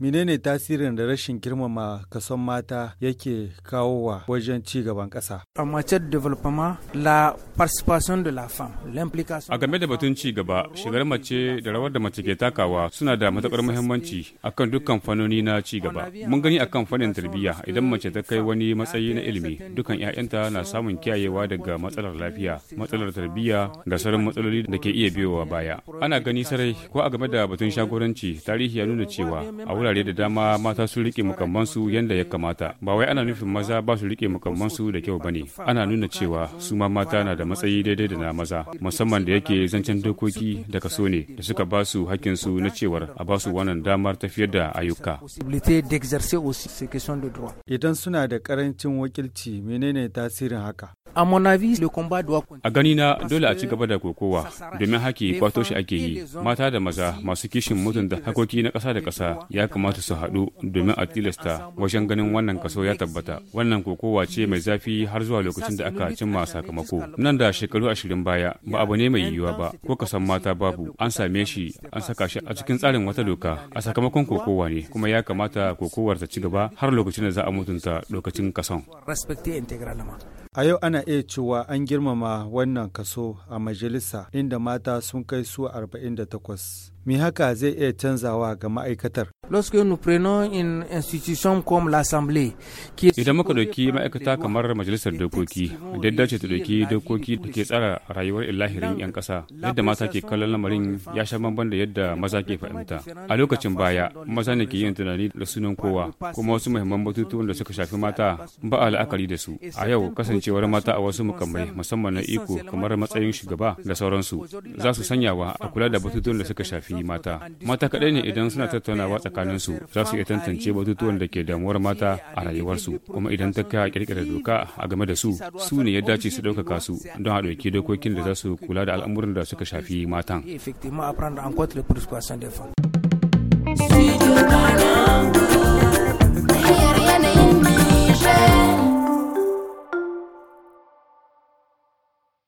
Menene tasirin da rashin girmama kason mata yake kawowa wajen ci gaban ƙasa? A matière la participation de la femme, l'implication. A game da batun ci gaba, shigar mace da rawar da mace ke takawa suna da matakar muhimmanci akan dukkan fanoni na ci gaba. Mun gani akan fannin tarbiyya idan mace ta kai wani matsayi na ilimi, dukkan 'ya'yanta na samun kiyayewa daga matsalar lafiya, matsalar tarbiyya da sauran matsaloli da ke iya biyowa baya. Ana gani sarai ko a game da batun shagoranci, tarihi ya nuna cewa a wurare da dama mata su rike mukammansu yadda ya kamata ba wai ana nufin maza ba su rike mukammansu da kyau bane ana nuna cewa su ma mata na da matsayi daidai da na maza musamman da yake zancen dokoki da kaso ne da suka ba su hakkinsu na cewar a ba su wannan damar tafiyar da ayyuka idan suna da karancin wakilci menene tasirin haka A gani na dole a ci gaba da kokowa domin haƙƙi kwato shi ake yi. Mata da maza masu kishin mutunta hakoki na ƙasa da ƙasa ya kamata su haɗu domin a tilasta wajen ganin wannan kaso ya tabbata. Wannan kokowa ce mai zafi har zuwa lokacin da aka cimma sakamako. Nan da shekaru ashirin baya ba abu ne mai yiwuwa ba ko kasan mata babu an same shi an saka shi a cikin tsarin wata doka a sakamakon kokowa ne kuma ya kamata kokowar ta ci gaba har lokacin da za a mutunta lokacin kason. A yau ana iya cewa an girmama wannan kaso a majalisa inda mata sun kai su 48. me haka zai iya canzawa ga ma'aikatar. institution Idan muka ɗauki ma'aikata kamar majalisar dokoki, da dace ta ɗauki dokoki da ke tsara rayuwar illahirin 'yan ƙasa, yadda mata ke kallon lamarin ya sha bamban da yadda maza ke fahimta. A lokacin baya, maza ne ke yin tunani da sunan kowa, kuma wasu muhimman batutuwan da suka shafi mata ba a la'akari da su. A yau, kasancewar mata a wasu mukammai, musamman na iko kamar matsayin shugaba da sauransu, za su sanyawa a kula da batutuwan da suka shafi yi mata mata kaɗai ne idan suna tattaunawa tsakaninsu za su iya tantance batutuwan da ke damuwar mata a rayuwarsu kuma idan ta kai kirkira doka a game da su su ne ya dace su ɗaukaka su don a ɗauki dokokin da za su kula da al'amuran da suka shafi matan.